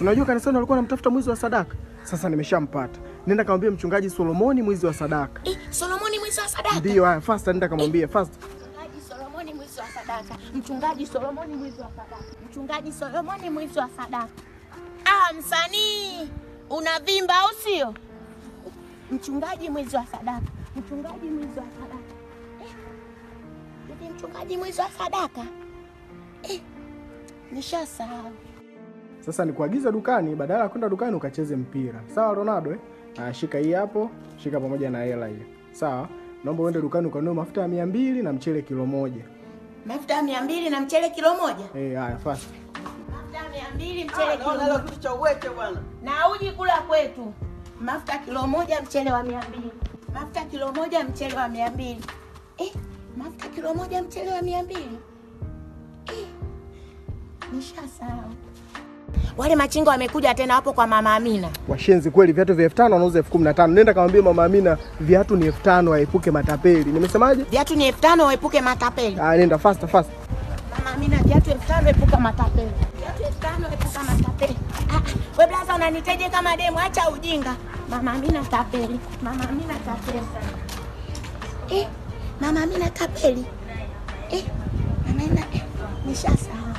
Unajua kanisani walikuwa wanamtafuta mwizi wa sadaka. Sasa nimeshampata. Nenda kamwambie mchungaji Solomoni mwizi wa sadaka. Eh, Solomoni mwizi wa sadaka. Ndio, haya fast nenda kamwambie eh, fast. Mchungaji Solomoni mwizi wa sadaka. Mchungaji Solomoni mwizi wa sadaka. Mchungaji Solomoni mwizi wa sadaka. Ah, msanii unavimba au sio? Mchungaji mwizi wa sadaka. Mchungaji mwizi wa sadaka. Eh. Mchungaji mwizi wa sadaka. Eh. Nishasahau. Sasa ni kuagiza dukani, badala ya kwenda dukani ukacheze mpira. Sawa Ronaldo eh? Ah, shika hii hapo, shika pamoja na hela hiyo. Sawa? Naomba uende dukani ukanunue mafuta ya 200 na mchele kilo moja. Mafuta ya 200 na mchele kilo moja? Eh, hey, haya fast. Mafuta ya 200 ah, mchele ah, kilo moja. Naona kitu cha uwete bwana. Na uji kula kwetu. Mafuta kilo moja mchele wa 200. Mafuta kilo moja mchele wa 200. Eh, mafuta kilo moja mchele wa 200. Eh. Nishasahau. Wale machinga wamekuja tena, hapo kwa mama Amina. Washenzi kweli, viatu vya elfu tano wanauza elfu kumi na tano. Nenda kamwambie mama Amina viatu ni elfu tano, aepuke matapeli. Nimesemaje? Viatu ni elfu tano, aepuke matapeli. Ah, nenda fast fast. Mama Amina, viatu elfu tano, epuka matapeli. Viatu elfu tano, epuka matapeli. Ah, ah, wewe blaza, unaniteje kama demu? Acha ujinga. Mama Amina tapeli, mama Amina tapeli. Eh, mama Amina tapeli. Eh, mama Amina eh, nishasahau.